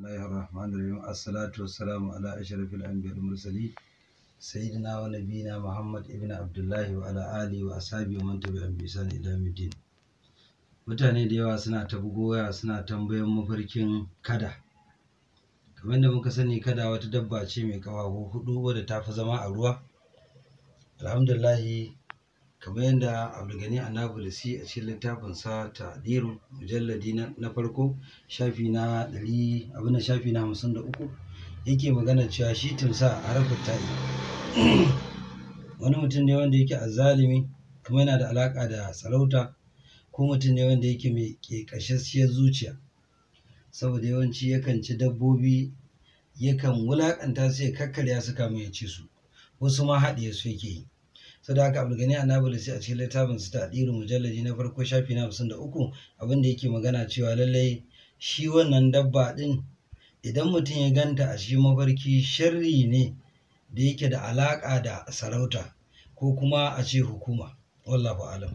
الله الرحمن الرحيم الصلاة والسلام على أشرف الأنبياء والمرسلين سيدنا ونبينا محمد ابن عبد الله وعلى آله وأصحابه ومن تبعهم بإحسان إلى يوم الدين mutane da yawa suna ta bugowa suna tambayan mafarkin kada kamar da muka sani kada wata dabba ce mai kafafu hudu wadda ta fi zama a ruwa alhamdulahi kamar yadda abdulgani annabulisi a cikin littafin sa ta'diru mujalladi na farko shafi na ɗari abin da shafi na hamsin da uku yake magana cewa shi tumsa a harafin ta'i wani mutum ne wanda yake azalimi kuma yana da alaka da sarauta ko mutum ne wanda yake mai ƙeƙashasshiyar zuciya saboda yawanci yakan ci dabbobi yakan wulaƙanta su ya kakkarya su kamar ya ci su wasu ma haɗiye su yake yi sadaka abdulgani anabali sai a cikin littafin su tadiru mujalladi na farko shafi na hamsin da uku abin da yake magana cewa lallai shi wannan dabba din idan mutum ya ganta a cikin mafarki sharri ne da yake da alaƙa da sarauta ko kuma a ce hukuma wallahu alam